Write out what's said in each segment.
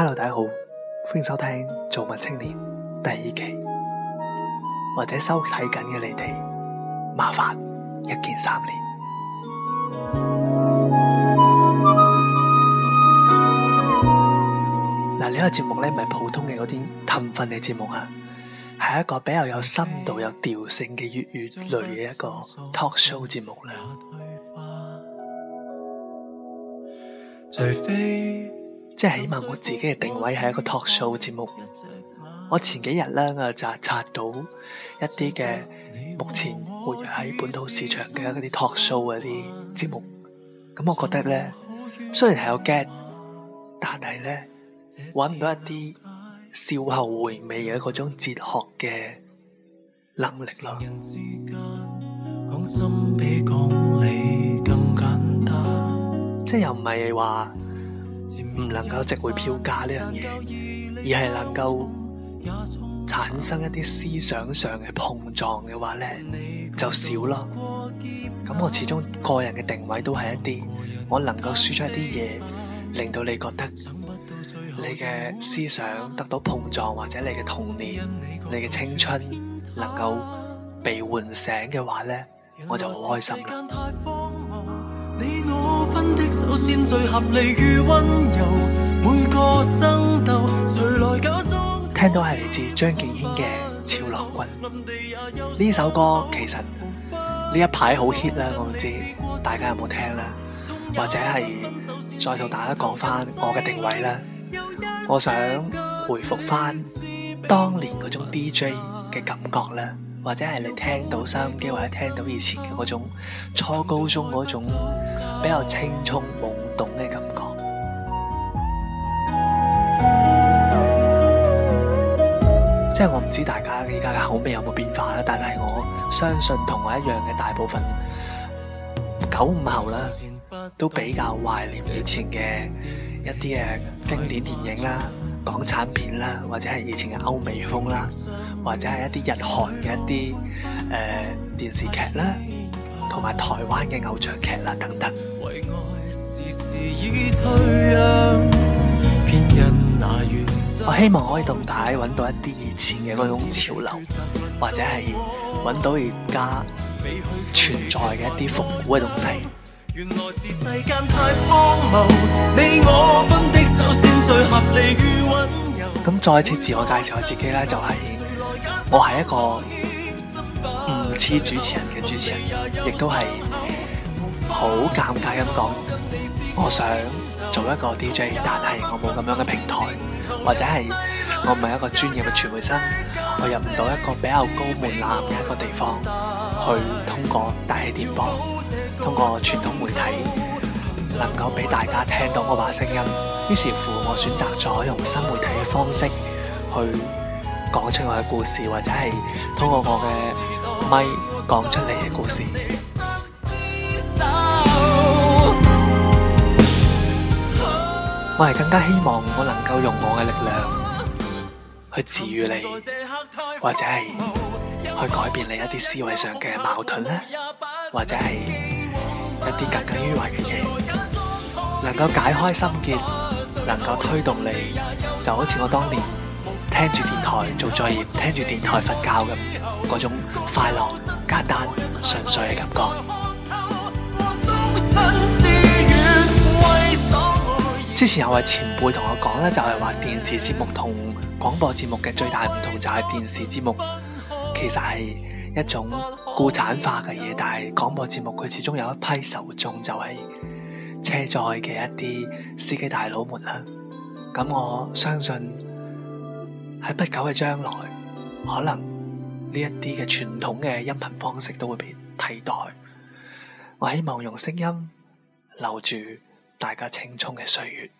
hello，大家好，歡迎收聽做文青年第二期，或者收睇緊嘅你哋，麻煩一鍵三連。嗱，呢 個節目咧唔係普通嘅嗰啲氹瞓嘅節目啊，係一個比較有深度、有調性嘅粵語類嘅一個 talk show 節目啦。除非。即係起碼我自己嘅定位係一個 talk show 節目，我前幾日咧我就查到一啲嘅目前活躍喺本土市場嘅一啲 talk show 嗰啲節目，咁我覺得咧雖然係有 get，但係咧揾唔到一啲笑後回味嘅嗰種哲學嘅能力咯。講心比講理更簡單。即係又唔係話。唔能夠值回票價呢樣嘢，而係能夠產生一啲思想上嘅碰撞嘅話呢就少咯。咁我始終個人嘅定位都係一啲，我能夠輸出一啲嘢，令到你覺得你嘅思想得到碰撞，或者你嘅童年、你嘅青春能夠被喚醒嘅話呢我就好開心噶。你我分的手先最合理溫柔，柔每個爭鬥誰來假裝聽到。係嚟自張敬軒嘅《俏郎君》呢首歌，其實呢一排好 hit 啦，我唔知大家有冇聽啦，或者係再同大家講翻我嘅定位啦，我想回復翻當年嗰種 DJ 嘅感覺啦。或者係你聽到收音機，或者聽到以前嘅嗰種初高中嗰種比較青蔥懵懂嘅感覺， 即係我唔知大家而家嘅口味有冇變化啦。但係我相信同我一樣嘅大部分九五後啦，都比較懷念以前嘅一啲嘅經典電影啦、啊。港產片啦，或者係以前嘅歐美風啦，或者係一啲日韓嘅一啲誒、呃、電視劇啦，同埋台灣嘅偶像劇啦等等。我，時時我希望可以同大家揾到一啲以前嘅嗰種潮流，或者係揾到而家存在嘅一啲復古嘅東西。原來是世間太荒謬，你我分的首先最合理。咁再次自我介紹我自己咧，就係、是、我係一個唔似主持人嘅主持人，亦都係好尷尬咁講，我想做一個 DJ，但係我冇咁樣嘅平台，或者係我唔係一個專業嘅傳媒生，我入唔到一個比較高門檻嘅一個地方，去通過大氣電波，通過傳統媒體。能夠俾大家聽到我把聲音，於是乎我選擇咗用新媒體嘅方式去講出我嘅故事，或者係通過我嘅咪講出你嘅故事。我係更加希望我能夠用我嘅力量去治癒你，或者係去改變你一啲思維上嘅矛盾咧，或者係一啲耿耿於懷嘅嘢。能夠解開心結，能夠推動你，就好似我當年聽住電台做作業、聽住電台瞓覺咁，嗰種快樂、簡單、純粹嘅感覺。之前有位前輩同我講咧，就係、是、話電視節目同廣播節目嘅最大唔同就係電視節目其實係一種固產化嘅嘢，但係廣播節目佢始終有一批受眾就係、是。車載嘅一啲司機大佬們啦，咁我相信喺不久嘅將來，可能呢一啲嘅傳統嘅音頻方式都會被替代。我希望用聲音留住大家青蔥嘅歲月。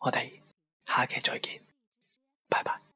我哋下期再見，拜拜。